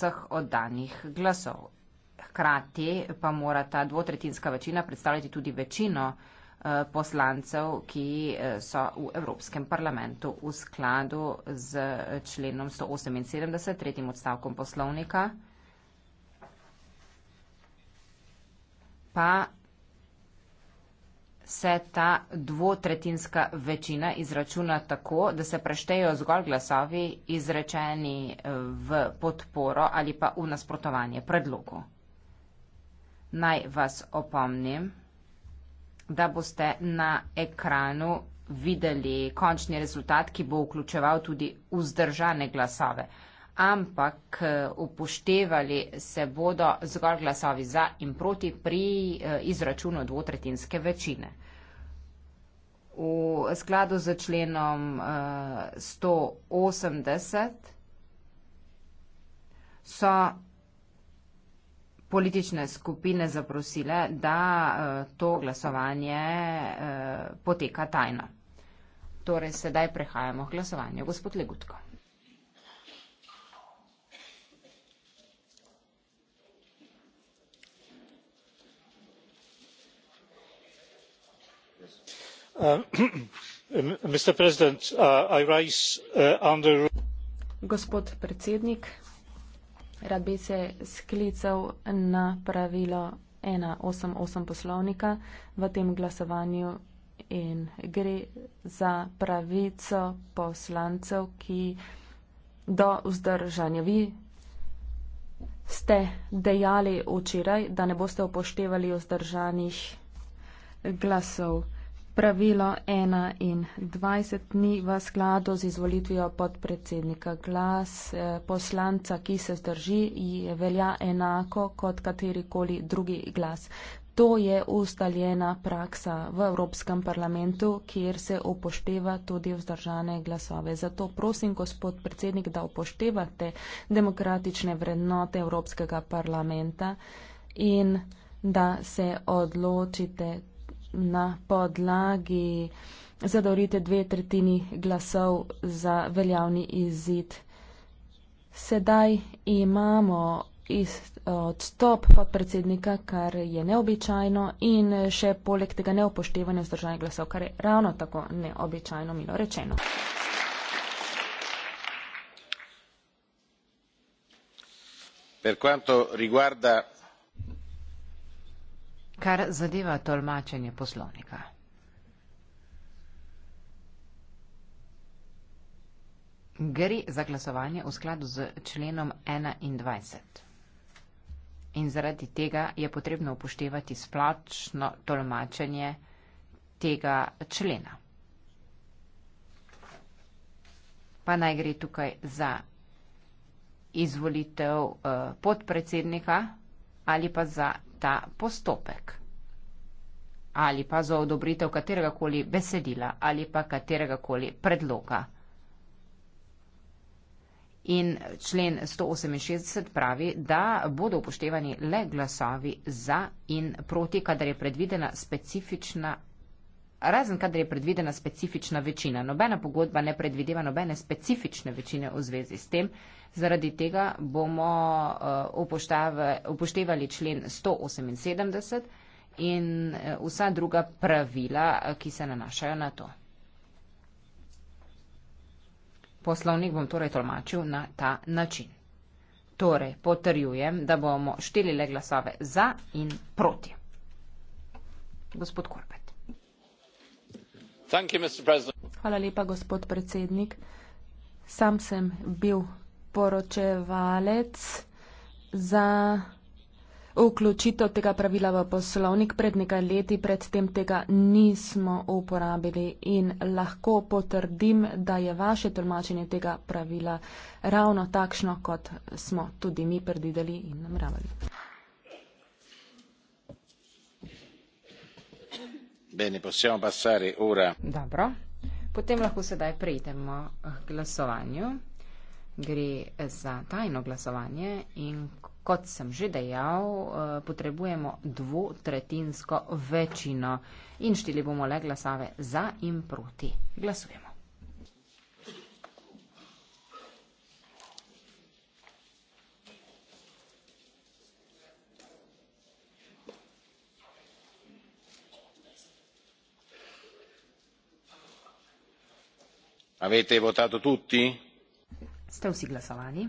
vseh oddanih glasov. Hkrati pa mora ta dvotretinska večina predstavljati tudi večino eh, poslancev, ki eh, so v Evropskem parlamentu v skladu z eh, členom 178, tretjim odstavkom poslovnika. Pa se ta dvotretinska večina izračuna tako, da se preštejo zgolj glasovi izrečeni eh, v podporo ali pa v nasprotovanje predlogu. Naj vas opomnim, da boste na ekranu videli končni rezultat, ki bo vključeval tudi vzdržane glasove, ampak eh, upoštevali se bodo zgolj glasovi za in proti pri eh, izračunu dvotretinske večine v skladu z členom 180 eh, so politične skupine zaprosile, da eh, to glasovanje eh, poteka tajno. Torej, sedaj prehajamo k glasovanju. Gospod Legutko. Um, uh, uh, gospod predsednik rad bi se sklical na pravilo ena osem osem poslovnika v tem glasovanju in gre za pravico poslancev ki do vzdržanja vi ste dejali včeraj da ne boste upoštevali vzdržanih glasov pravilo 21 ni v skladu z izvolitvijo podpredsednika. Glas eh, poslanca, ki se zdrži, velja enako kot katerikoli drugi glas. To je ustaljena praksa v Evropskem parlamentu, kjer se upošteva tudi vzdržane glasove. Zato prosim, gospod predsednik, da upoštevate demokratične vrednote Evropskega parlamenta in da se odločite na podlagi zadovoljite dve tretjini glasov za veljavni izid. Sedaj imamo odstop podpredsednika, kar je neobičajno in še poleg tega neupoštevanje vzdržanja glasov, kar je ravno tako neobičajno, milo rečeno. Per quanto riguarda kar zadeva tolmačenje poslovnika. Gre za glasovanje v skladu z členom 21. In zaradi tega je potrebno upoštevati splačno tolmačenje tega člena. Pa naj gre tukaj za izvolitev eh, podpredsednika ali pa za ta postopek. Ali pa za odobritev katerega koli besedila ali pa katerega koli predloga. In člen 168 pravi, da bodo upoštevani le glasovi za in proti, kadar je predvidena specifična, razen kadar je predvidena specifična večina. Nobena pogodba ne predvideva nobene specifične večine v zvezi s tem, Zaradi tega bomo eh, upoštevali člen 178 in eh, vsa druga pravila, eh, ki se nanašajo na to. Poslovnik bom torej tolmačil na ta način. Torej, potrjujem, da bomo šteli le glasove za in proti. Gospod Korbet. Hvala lepa, gospod predsednik. Sam sem bil poročevalec za vključitev tega pravila v poslovnik. Pred nekaj leti predtem tega nismo uporabili in lahko potrdim, da je vaše tolmačenje tega pravila ravno takšno, kot smo tudi mi predvideli in nameravali. Dobro. Potem lahko sedaj prejdemo k glasovanju gre za tajno glasovanje in kot sem že dejal, eh, potrebujemo dvotretinsko večino in šteli bomo le glasave za in proti. Glasujemo. Avete votato tutti? Ste vsi glasovani?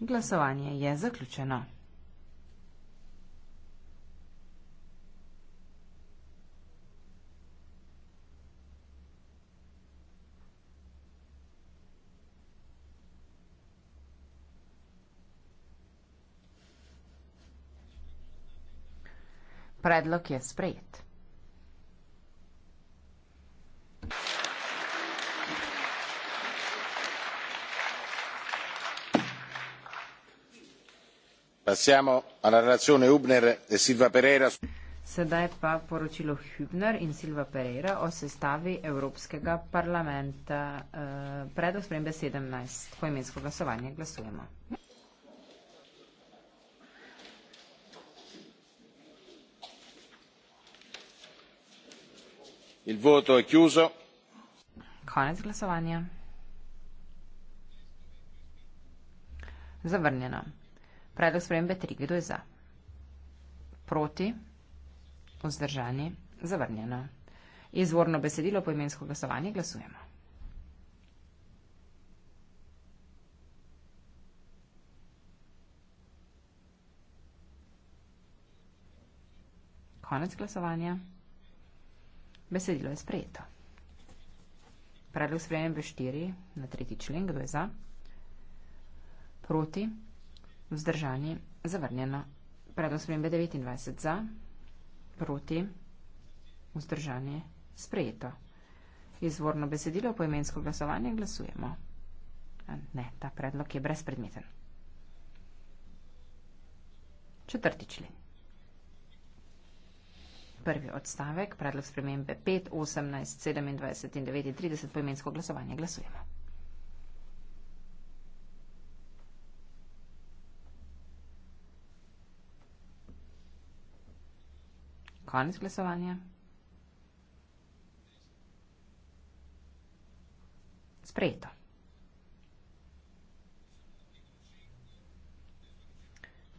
Glasovanje je zaključeno. Predlog je sprejet. passiamo alla relazione hübner e silva pereira. sedaj pa poročilo hübner in silva pereira o sestavi evropskega parlamenta eh, pred osprembe sedemnajst poimensko glasovanje glasujemo. Il voto è chiuso. Konec glasovanja. Zavrnjeno. Predlog spremembe 3. Kdo je za? Proti? Vzdržani? Zavrnjeno. Izvorno besedilo po imensko glasovanje glasujemo. Konec glasovanja. Besedilo je sprejeto. Predlog spremembe 4 na 3. člen. Kdo je za? Proti? Proti? vzdržani, zavrnjeno. Predlog spremembe 29 za, proti, vzdržani, sprejeto. Izvorno besedilo po imensko glasovanje glasujemo. Ne, ta predlog je brezpredmeten. Četrti člen. Prvi odstavek, predlog spremembe 5, 18, 27 in 39 po imensko glasovanje glasujemo. Konec glasovanja. Sprejeto.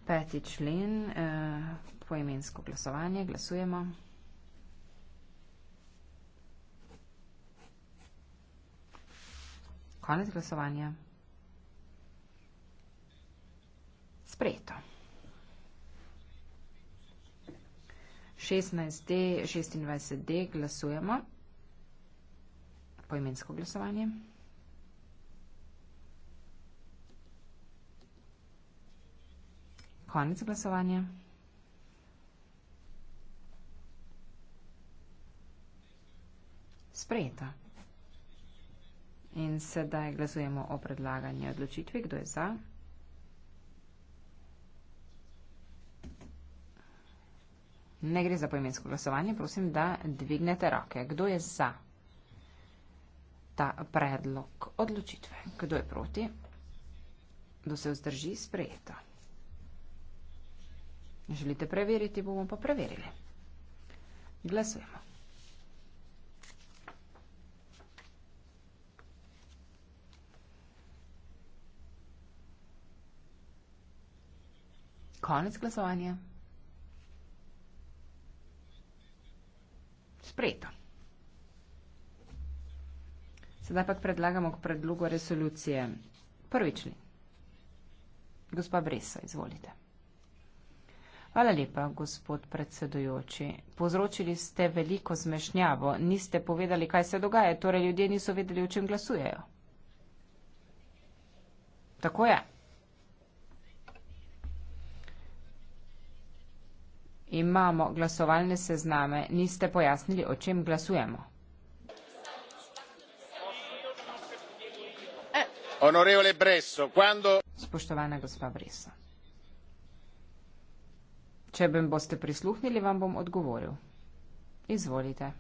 Peti člen, eh, poimensko glasovanje, glasujemo. Konec glasovanja. Sprejeto. 16D, 26D glasujemo. Poimensko glasovanje. Konec glasovanja. Sprejeta. In sedaj glasujemo o predlaganju odločitvi, kdo je za. Ne gre za poimensko glasovanje, prosim, da dvignete roke. Kdo je za ta predlog odločitve? Kdo je proti? Kdo se vzdrži sprejeto? Želite preveriti, bomo pa preverili. Glasujemo. Konec glasovanja. sprejeto. Sedaj pa predlagamo k predlogu resolucije. Prvični. Gospa Bresa, izvolite. Hvala lepa, gospod predsedujoči. Povzročili ste veliko zmešnjavo, niste povedali, kaj se dogaja, torej ljudje niso vedeli, o čem glasujejo. Tako je. Imamo glasovalne sezname, niste pojasnili, o čem glasujemo. Onorevole Bresso, quando... Spoštovana gospa Bresso. Če bem boste prisluhnili, vam bom odgovoril. Izvolite.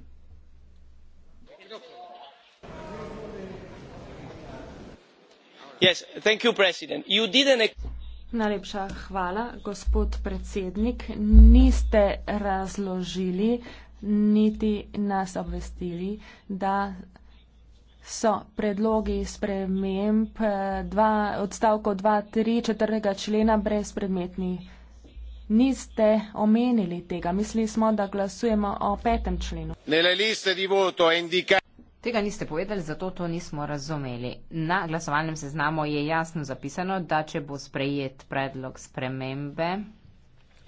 Yes, thank you, president. You didn't... Najlepša hvala, gospod predsednik. Niste razložili, niti nas obvestili, da so predlogi sprememb dva, odstavko 2.3.4. člena brezpredmetni. Niste omenili tega. Mislili smo, da glasujemo o petem členu. Nelle liste di voto indica... Tega niste povedali, zato to nismo razumeli. Na glasovalnem seznamu je jasno zapisano, da če bo sprejet predlog spremembe,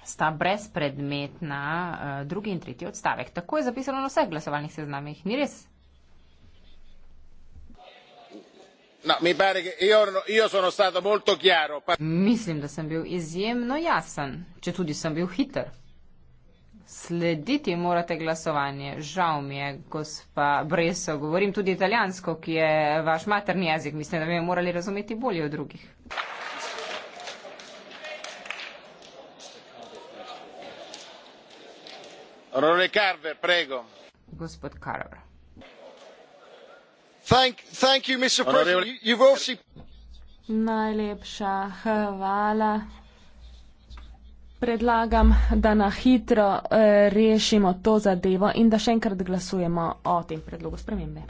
sta brezpredmetna eh, drugi in tretji odstavek. Tako je zapisano na vseh glasovalnih seznamih, ni res? No, no, Mislim, da sem bil izjemno jasen, če tudi sem bil hiter. Slediti morate glasovanje. Žal mi je, gospa Breso, govorim tudi italijansko, ki je vaš materni jezik. Mislim, da bi jo morali razumeti bolje od drugih. Rore Carver, prego. Gospod Carver. Thank, thank you, Mr. President. You, you've obviously... Najlepša hvala, Predlagam, da na hitro eh, rešimo to zadevo in da še enkrat glasujemo o tem predlogu spremembe.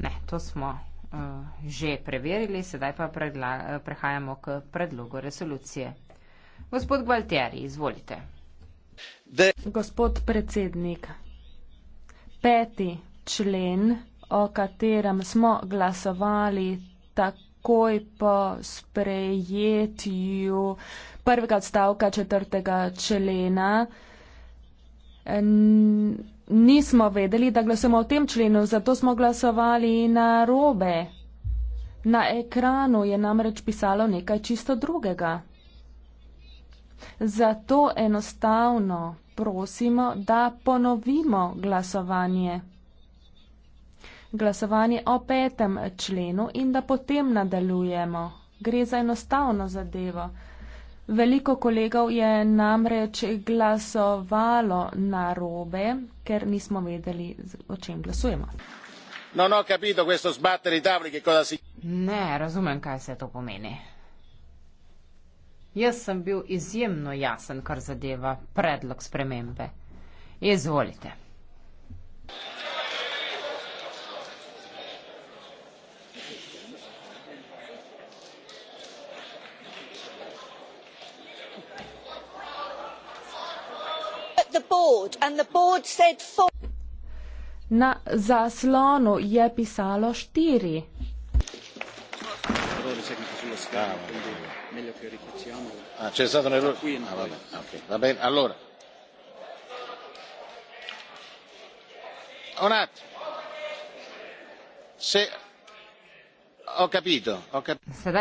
Ne, to smo uh, že preverili, sedaj pa eh, prehajamo k predlogu resolucije. Gospod Gualtieri, izvolite. De Gospod predsednik, peti člen, o katerem smo glasovali tako takoj po sprejetju prvega odstavka četrtega člena. Nismo vedeli, da glasujemo o tem členu, zato smo glasovali na robe. Na ekranu je namreč pisalo nekaj čisto drugega. Zato enostavno prosimo, da ponovimo glasovanje glasovanje o petem členu in da potem nadaljujemo. Gre za enostavno zadevo. Veliko kolegov je namreč glasovalo na robe, ker nismo vedeli, o čem glasujemo. No, no, capito, tabli, si... Ne, razumem, kaj se to pomeni. Jaz sem bil izjemno jasen, kar zadeva predlog spremembe. Izvolite. Na zaslonu je pisalo štiri. Sedaj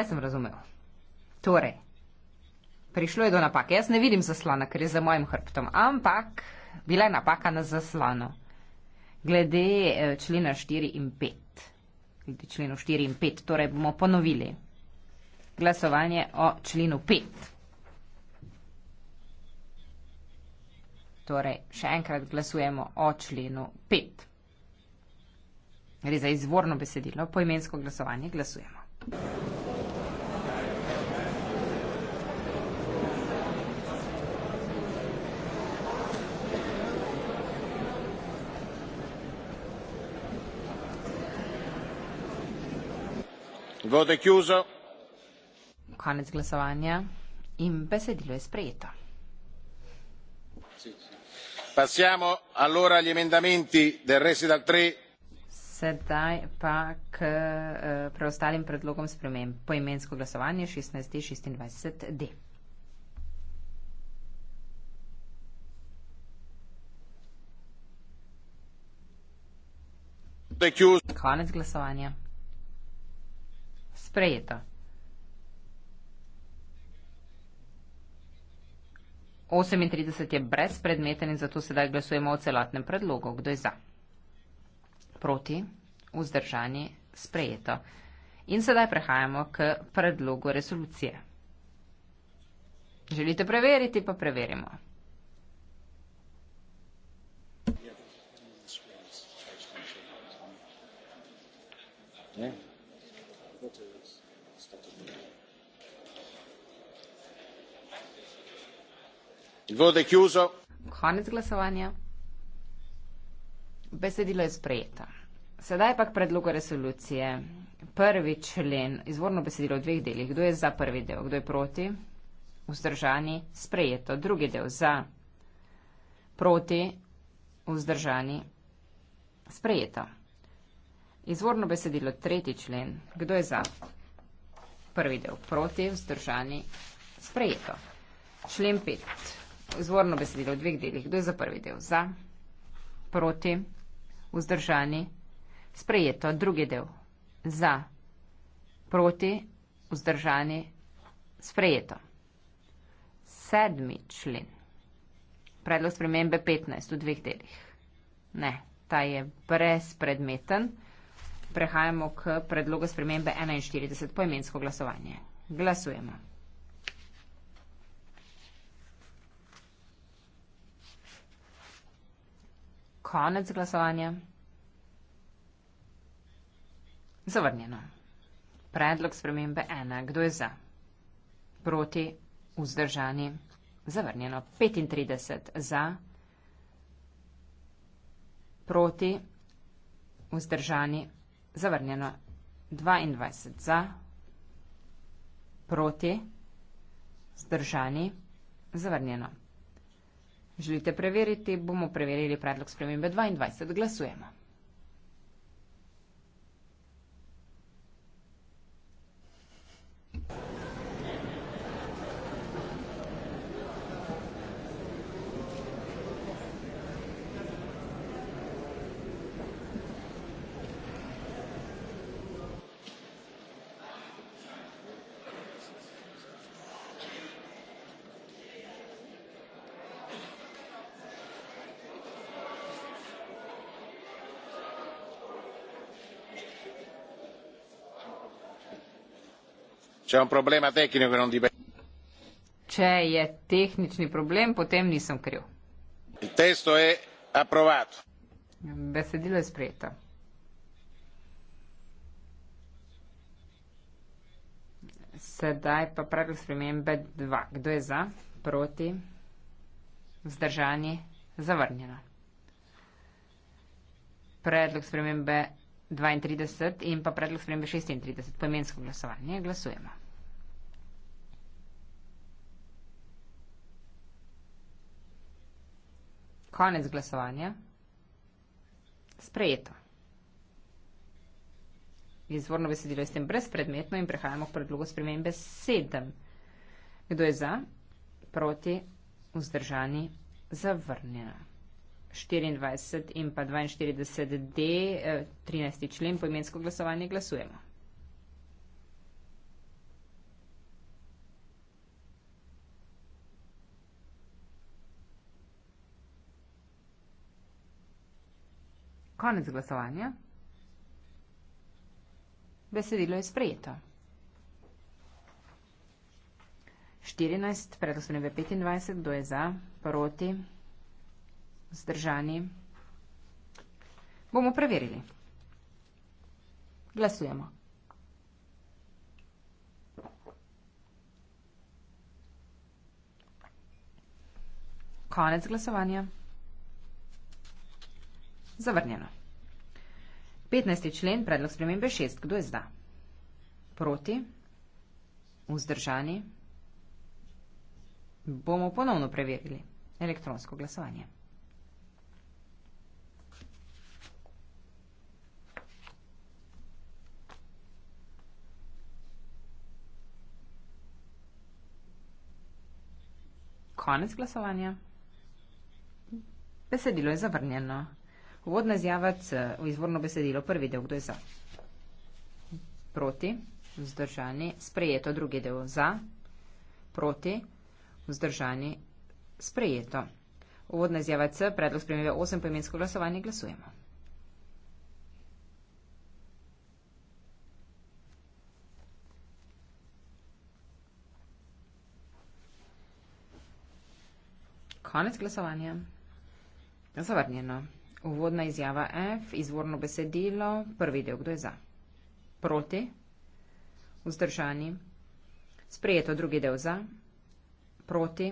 sem razumel. Torej, Prišlo je do napake. Jaz ne vidim zaslona, ker je za mojim hrbtom, ampak bila je napaka na zaslonu. Glede eh, člena 4 in 5. Glede člena 4 in 5, torej bomo ponovili glasovanje o členu 5. Torej, še enkrat glasujemo o členu 5. Gre za izvorno besedilo, poimensko glasovanje glasujemo. voto è chiuso Konec glasovanja in besedilo je sprejeto. Passiamo allora agli emendamenti del Residal 3. Sedaj pa k uh, preostalim predlogom spremem. Poimensko glasovanje 16.26d. Konec glasovanja sprejeto. 38 je brezpredmeten in zato sedaj glasujemo o celotnem predlogu. Kdo je za? Proti? Vzdržani? Sprejeto. In sedaj prehajamo k predlogu resolucije. Želite preveriti, pa preverimo. Yeah. Konec glasovanja. Besedilo je sprejeto. Sedaj pa k predlogu resolucije. Prvi člen, izvorno besedilo v dveh delih. Kdo je za prvi del? Kdo je proti? Vzdržani, sprejeto. Drugi del za, proti, vzdržani, sprejeto. Izvorno besedilo, tretji člen. Kdo je za? Prvi del, proti, vzdržani, sprejeto. Člen 5. Zvorno besedilo v dveh delih. Kdo je za prvi del? Za, proti, vzdržani, sprejeto. Drugi del. Za, proti, vzdržani, sprejeto. Sedmi člen. Predlog spremembe 15 v dveh delih. Ne, ta je brezpredmeten. Prehajamo k predlogu spremembe 41 poimensko glasovanje. Glasujemo. konec glasovanja. Zavrnjeno. Predlog spremembe ena. Kdo je za? Proti? Vzdržani? Zavrnjeno. 35 za. Proti? Vzdržani? Zavrnjeno. 22 za. Proti? Vzdržani? Zavrnjeno. Želite preveriti? Bomo preverili predlog spremembe 22. Glasujemo. C'è un problema tecnico che non dipende. C'è è tehnični problem, potem nisem kriv. Il testo è approvato. Besedilo je sprejeto. Sedaj pa predlog spremembe 2. Kdo je za, proti, vzdržani, zavrnjeno? Predlog spremembe 32 in pa predlog spremembe 36, poimensko glasovanje. Glasujemo. Konec glasovanja. Sprejeto. Izvorno besedilo je s tem brezpredmetno in prehajamo k predlogu spremembe 7. Kdo je za? Proti? Vzdržani? Zavrnjeno. 24 in pa 42d, 13. Eh, člen, poimensko glasovanje glasujemo. Konec glasovanja. Besedilo je sprejeto. 14, predlostanje v 25, kdo je za, proti, zdržani, bomo preverili. Glasujemo. Konec glasovanja. Zavrnjeno. 15. člen, predlog spremembe 6. Kdo je zda? Proti? Vzdržani? Bomo ponovno preverili elektronsko glasovanje. Konec glasovanja. Besedilo je zavrnjeno. Uvodna izjava C v izvorno besedilo. Prvi del, kdo je za? Proti, vzdržani, sprejeto. Drugi del, za, proti, vzdržani, sprejeto. Uvodna izjava C, predlog spremembe 8 poimensko glasovanje, glasujemo. Konec glasovanja. Zavrnjeno. Uvodna izjava F, izvorno besedilo, prvi del, kdo je za? Proti, vzdržani, sprejeto, drugi del za, proti,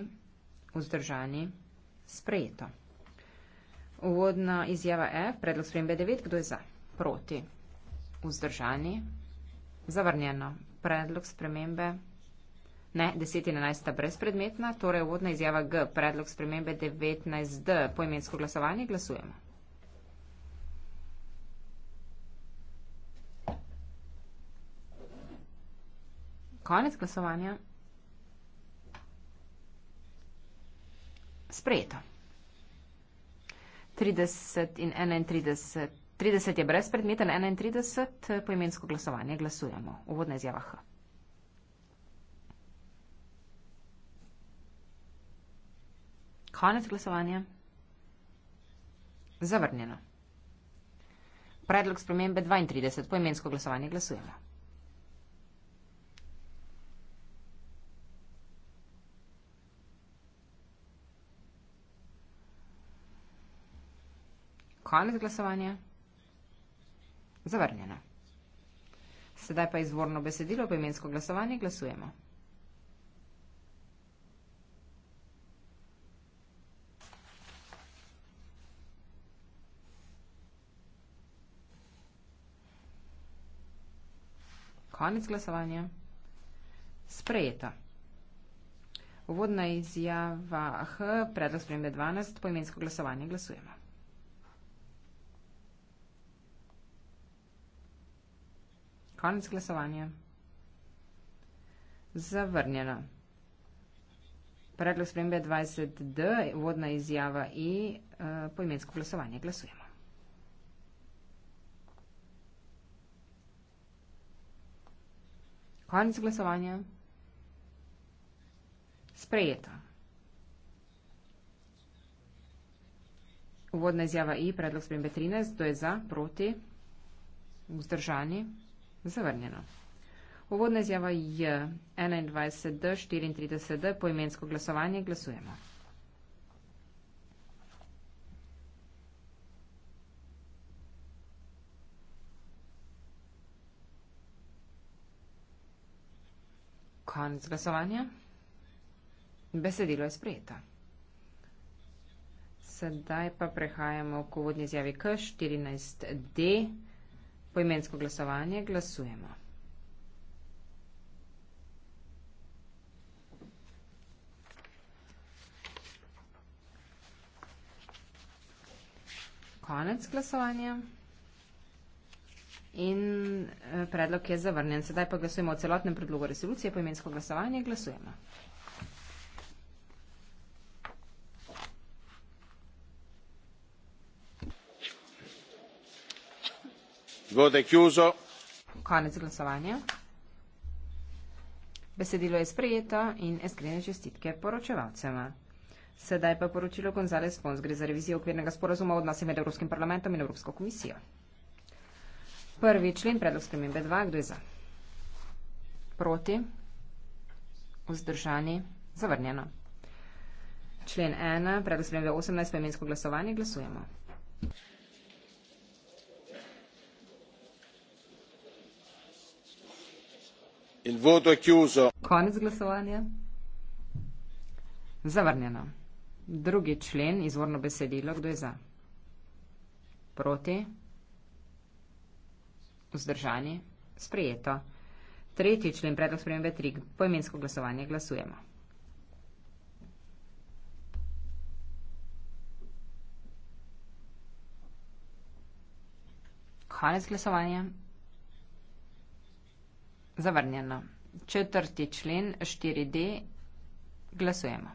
vzdržani, sprejeto. Uvodna izjava F, predlog spremembe 9, kdo je za? Proti, vzdržani, zavrnjeno, predlog spremembe, ne, 10 in 11 sta brezpredmetna, torej uvodna izjava G, predlog spremembe 19D, poimensko glasovanje, glasujemo. Konec glasovanja. Sprejeto. 30 in 31. 30 je brez predmeta, 31 eh, poimensko glasovanje. Glasujemo. Uvodna izjava H. Konec glasovanja. Zavrnjeno. Predlog spremembe 32 poimensko glasovanje. Glasujemo. Konec glasovanja. Zavrnjeno. Sedaj pa izvorno besedilo po imensko glasovanje glasujemo. Konec glasovanja. Sprejeto. Uvodna izjava H, predlog spremembe 12, po imensko glasovanje glasujemo. Konec glasovanja. Zavrnjeno. Predlog spremembe 20D, vodna izjava I, e, eh, poimensko glasovanje. Glasujemo. Konec glasovanja. Sprejeto. Uvodna izjava I, e, predlog spremembe 13, kdo je za, proti, vzdržani. Zavrnjeno. Uvodna izjava je 21D, 34D, poimensko glasovanje, glasujemo. Konec glasovanja. Besedilo je sprejeto. Sedaj pa prehajamo k uvodni izjavi K, 14D, 34D. Poimensko glasovanje glasujemo. Konec glasovanja. In eh, predlog je zavrnjen. Sedaj pa glasujemo o celotnem predlogu resolucije. Poimensko glasovanje glasujemo. konec glasovanja besedilo je sprejeto in iskrene čestitke poročevalcem sedaj pa poročilo gonzales pons gre za revizijo okvirnega sporazuma o odnosih med evropskim parlamentom in evropsko komisijo prvi člen predlog spremembe dva kdo je za proti vzdržani zavrnjeno člen ena predlog spremembe osemnajst poimensko glasovanje glasujemo Il voto è chiuso. Konec glasovanja. Zavrnjeno. Drugi člen, izvorno besedilo, kdo je za? Proti? Vzdržani? Sprijeto. Tretji člen, predlog spremembe 3, poimensko glasovanje, glasujemo. Konec glasovanja. Zavrnjeno. Četrti člen 4D. Glasujemo.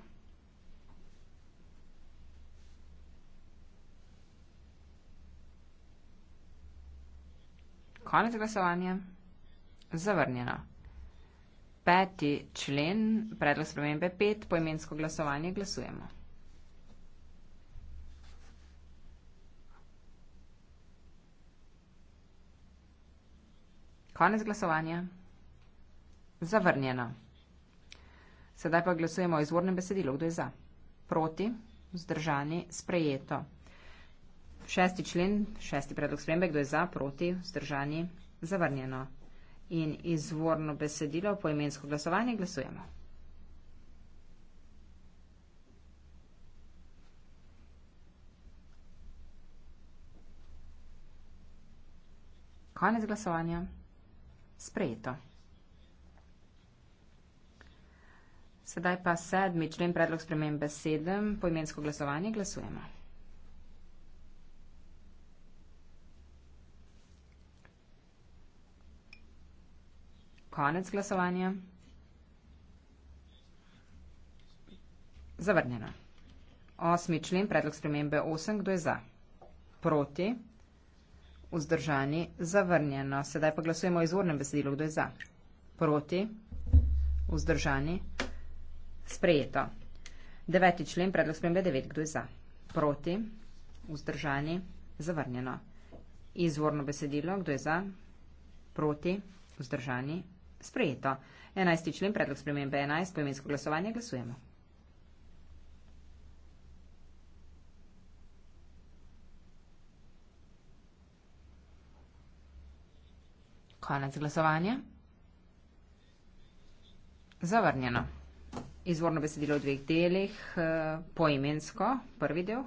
Konec glasovanja. Zavrnjeno. Peti člen, predlog spremembe 5, poimensko glasovanje, glasujemo. Konec glasovanja. Zavrnjeno. Sedaj pa glasujemo o izvornem besedilu. Kdo je za? Proti? Zdržani? Sprejeto. Šesti člen, šesti predlog spremembe. Kdo je za? Proti? Zdržani? Zavrnjeno. In izvorno besedilo po imensko glasovanje glasujemo. Konec glasovanja. Sprejeto. Sedaj pa sedmi člen predlog spremembe sedem, poimensko glasovanje, glasujemo. Konec glasovanja. Zavrnjeno. Osmi člen predlog spremembe osem, kdo je za? Proti. Vzdržani. Zavrnjeno. Sedaj pa glasujemo o izvornem besedilu, kdo je za? Proti. Vzdržani. Sprejeto. Deveti člen, predlog spremembe 9, kdo je za? Proti, vzdržani, zavrnjeno. Izvorno besedilo, kdo je za? Proti, vzdržani, sprejeto. Enajsti člen, predlog spremembe 11, poimensko glasovanje, glasujemo. Konec glasovanja. Zavrnjeno izvorno besedilo v dveh delih, eh, poimensko, prvi del.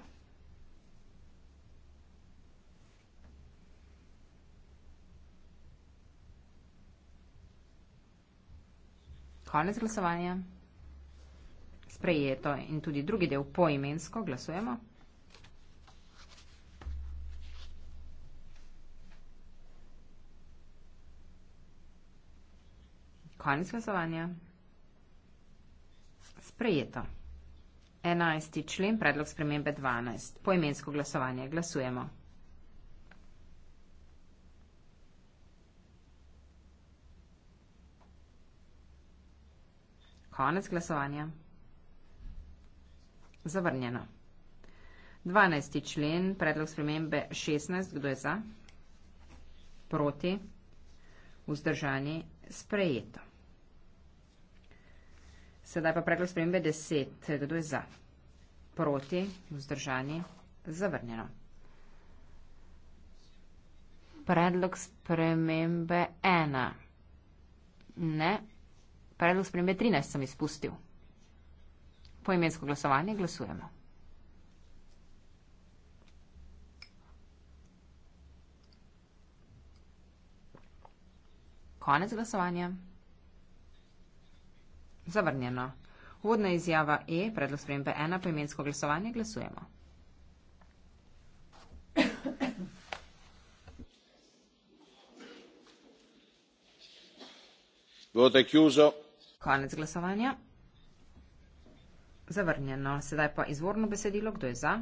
Konec glasovanja. Sprejeto in tudi drugi del poimensko glasujemo. Konec glasovanja sprejeto. 11. člen predlog spremembe 12. Poimensko glasovanje glasujemo. Konec glasovanja. Zavrnjeno. 12. člen predlog spremembe 16. Kdo je za? Proti? Vzdržani? Sprejeto. Sedaj pa predlog spremembe 10, kdo je za, proti, vzdržani, zavrnjeno. Predlog spremembe 1. Ne. Predlog spremembe 13 sem izpustil. Poimensko glasovanje glasujemo. Konec glasovanja. Zavrnjeno. Uvodna izjava E, predlog spremembe ena, poimensko glasovanje, glasujemo. Konec glasovanja. Zavrnjeno. Sedaj pa izvorno besedilo, kdo je za,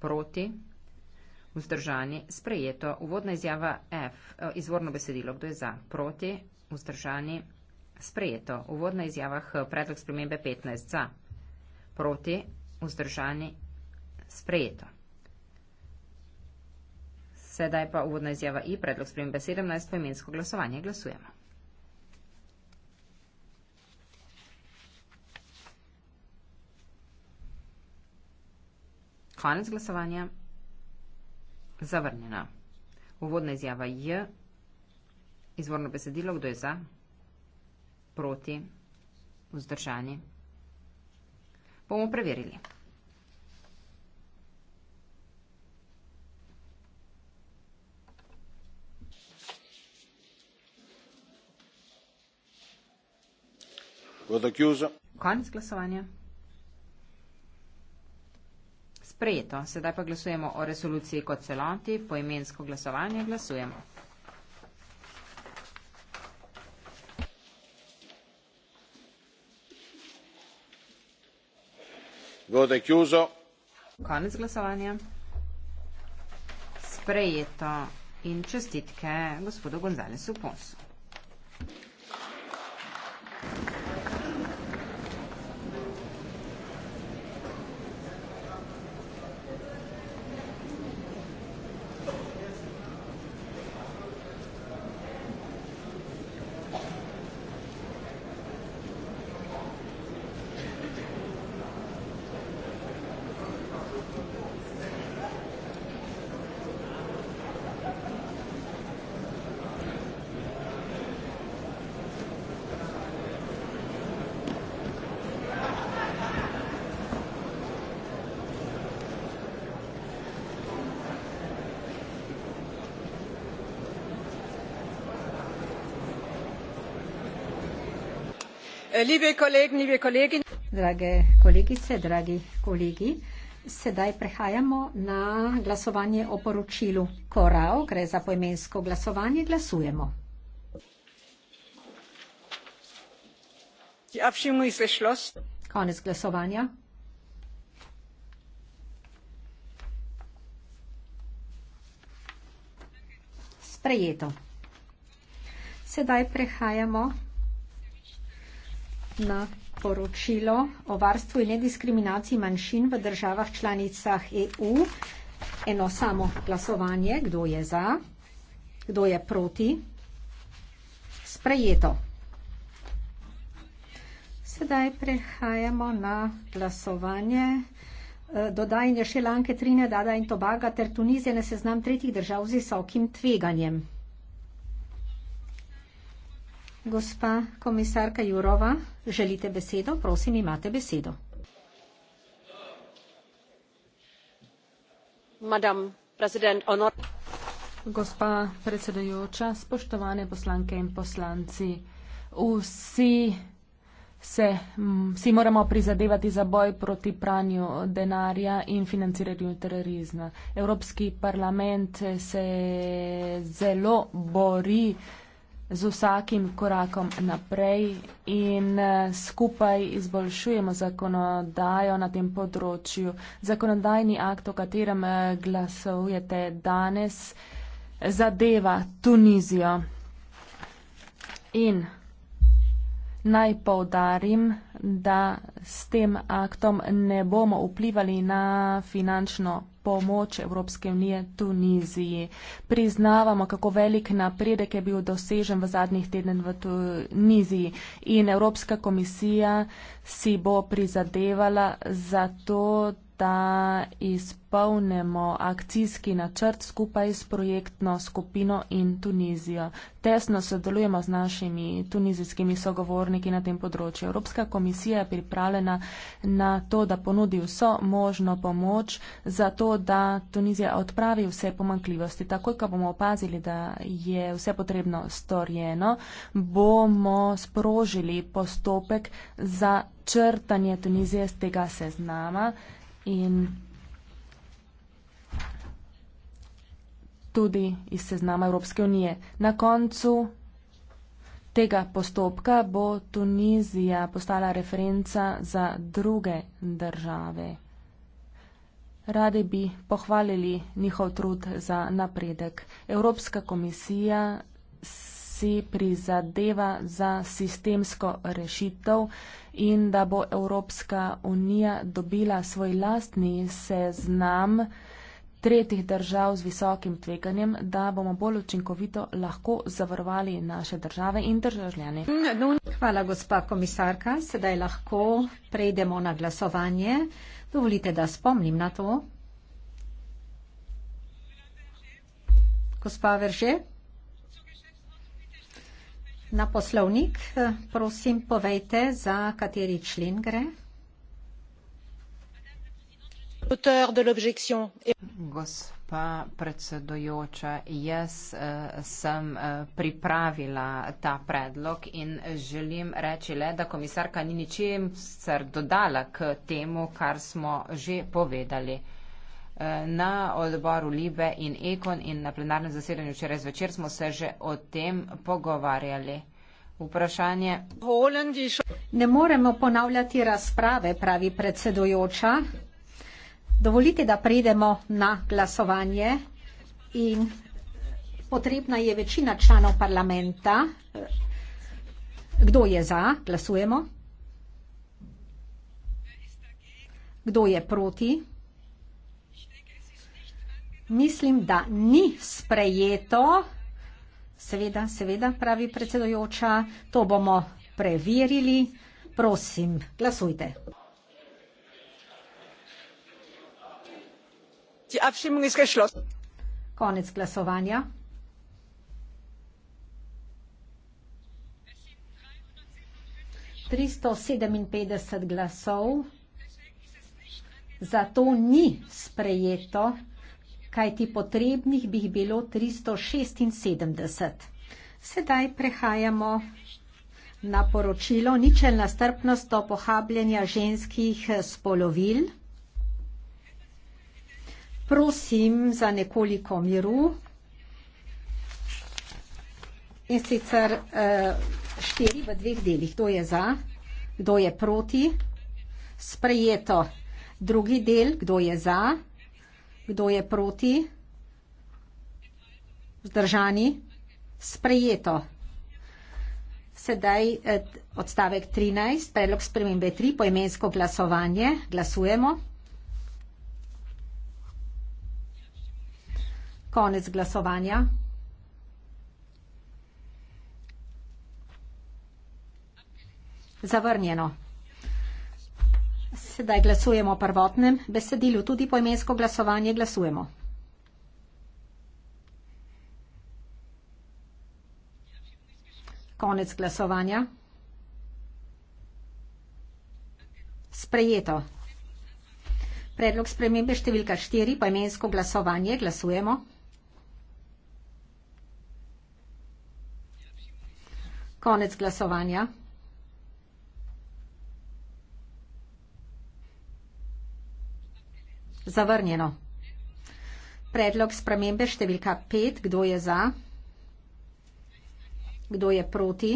proti, vzdržani, sprejeto. Uvodna izjava F, eh, izvorno besedilo, kdo je za, proti, vzdržani, sprejeto. Sprejeto. Uvodna izjava H. Predlog spremembe 15. Za. Proti. Vzdržani. Sprejeto. Sedaj pa uvodna izjava I. Predlog spremembe 17. Poimensko glasovanje. Glasujemo. Konec glasovanja. Zavrnjena. Uvodna izjava J. Izvorno besedilo. Kdo je za? Za proti, vzdržani. Bomo preverili. Konec glasovanja. Sprejeto. Sedaj pa glasujemo o resoluciji kot celoti. Poimensko glasovanje glasujemo. voto è chiuso konec glasovanja sprejeto in čestitke gospodu gonzalesu ponsu Drage kolegice, dragi kolegi, sedaj prehajamo na glasovanje o poročilu Korao, gre za poimensko glasovanje, glasujemo. Konec glasovanja. Sprejeto. Sedaj prehajamo na poročilo o varstvu in nediskriminaciji manjšin v državah članicah EU. Eno samo glasovanje, kdo je za, kdo je proti. Sprejeto. Sedaj prehajamo na glasovanje. E, dodajanje Šelanke, Trine, Dada in Tobaga ter Tunizije na seznam tretjih držav z visokim tveganjem. Gospa komisarka Jurova, želite besedo? Prosim, imate besedo. Madam, honor... Gospa predsedujoča, spoštovane poslanke in poslanci, vsi se, vsi moramo prizadevati za boj proti pranju denarja in financiranju terorizma. Evropski parlament se zelo bori z vsakim korakom naprej in eh, skupaj izboljšujemo zakonodajo na tem področju. Zakonodajni akt, o katerem eh, glasujete danes, zadeva Tunizijo. In naj povdarim, da s tem aktom ne bomo vplivali na finančno pomoč Evropske unije Tuniziji. Priznavamo, kako velik napredek je bil dosežen v zadnjih tednih v Tuniziji in Evropska komisija si bo prizadevala za to, da izpolnimo akcijski načrt skupaj s projektno skupino in Tunizijo. Tesno sodelujemo z našimi tunizijskimi sogovorniki na tem področju. Evropska komisija je pripravljena na to, da ponudi vso možno pomoč za to, da Tunizija odpravi vse pomankljivosti. Takoj, ko bomo opazili, da je vse potrebno storjeno, bomo sprožili postopek za črtanje Tunizije z tega seznama in tudi iz seznama Evropske unije. Na koncu tega postopka bo Tunizija postala referenca za druge države. Radi bi pohvalili njihov trud za napredek. Evropska komisija si prizadeva za sistemsko rešitev in da bo Evropska unija dobila svoj lastni seznam tretjih držav z visokim tveganjem, da bomo bolj učinkovito lahko zavarovali naše države in državljane. Hvala, gospa komisarka. Sedaj lahko prejdemo na glasovanje. Dovolite, da spomnim na to. Gospa Verže. Na poslovnik, eh, prosim, povejte, za kateri člen gre. Gospa predsedujoča, jaz eh, sem eh, pripravila ta predlog in želim reči le, da komisarka ni ničem dodala k temu, kar smo že povedali. Na odboru Libe in Ekon in na plenarnem zasedanju včeraj zvečer smo se že o tem pogovarjali. Vprašanje. Ne moremo ponavljati razprave, pravi predsedujoča. Dovolite, da pridemo na glasovanje in potrebna je večina članov parlamenta. Kdo je za? Glasujemo. Kdo je proti? mislim, da ni sprejeto. Seveda, seveda, pravi predsedojoča, to bomo preverili. Prosim, glasujte. Konec glasovanja. Tristo sedeminpetdeset glasov, zato ni sprejeto kaj ti potrebnih bi jih bilo 376. Sedaj prehajamo na poročilo ničelna strpnost do pohabljenja ženskih spolovil. Prosim za nekoliko miru. In sicer eh, štiri v dveh delih. Kdo je za, kdo je proti? Sprejeto drugi del, kdo je za? Kdo je proti? Zdržani? Sprejeto. Sedaj eh, odstavek 13, predlog spremembe 3, poimensko glasovanje. Glasujemo. Konec glasovanja. Zavrnjeno. Sedaj glasujemo o prvotnem besedilu, tudi poimensko glasovanje glasujemo. Konec glasovanja. Sprejeto. Predlog spremembe številka 4, poimensko glasovanje, glasujemo. Konec glasovanja. Zavrnjeno. Predlog spremembe številka pet. Kdo je za? Kdo je proti?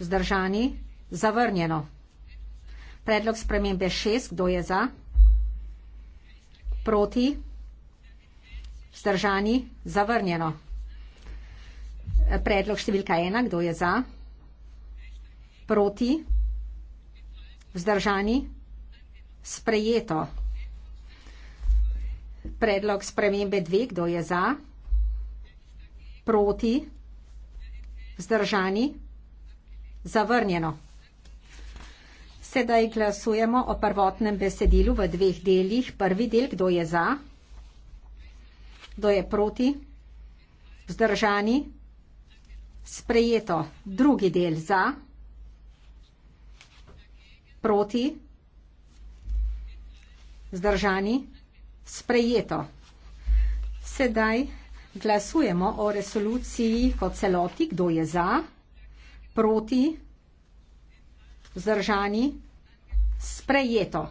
Vzdržani? Zavrnjeno. Predlog spremembe šest. Kdo je za? Proti? Vzdržani? Zavrnjeno. Predlog številka ena. Kdo je za? Proti? Vzdržani? Sprejeto predlog spremembe dve, kdo je za, proti, vzdržani, zavrnjeno. Sedaj glasujemo o prvotnem besedilu v dveh delih. Prvi del, kdo je za, kdo je proti, vzdržani, sprejeto. Drugi del za, proti, vzdržani, sprejeto sprejeto. Sedaj glasujemo o resoluciji kot celoti, kdo je za, proti, vzdržani, sprejeto.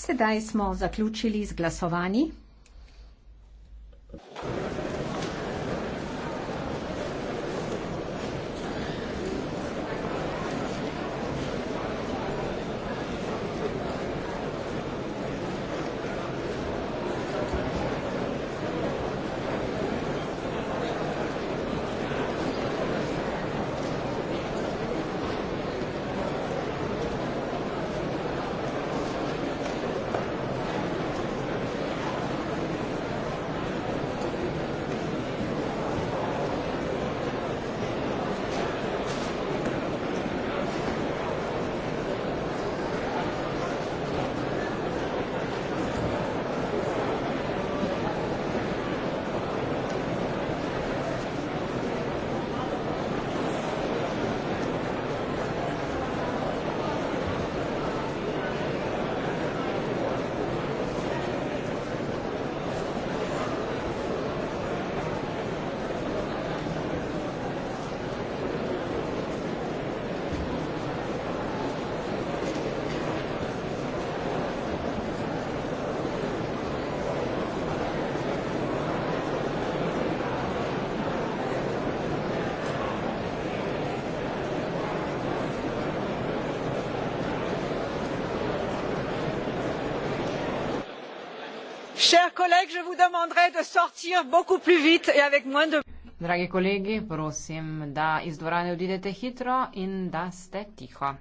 Sedaj smo zaključili z glasovanjem. chers collègues je vous demanderai de sortir beaucoup plus vite et avec moins de. Dragi kolegi, prosim, da iz dvorane odidete hitro in da ste tiho.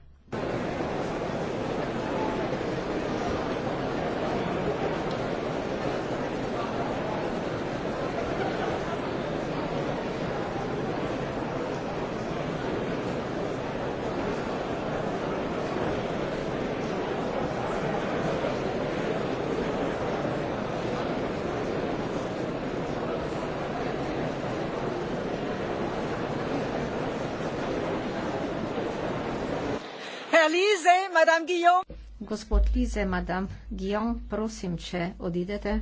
Gospod Lize, madam Gion, prosim, če odidete.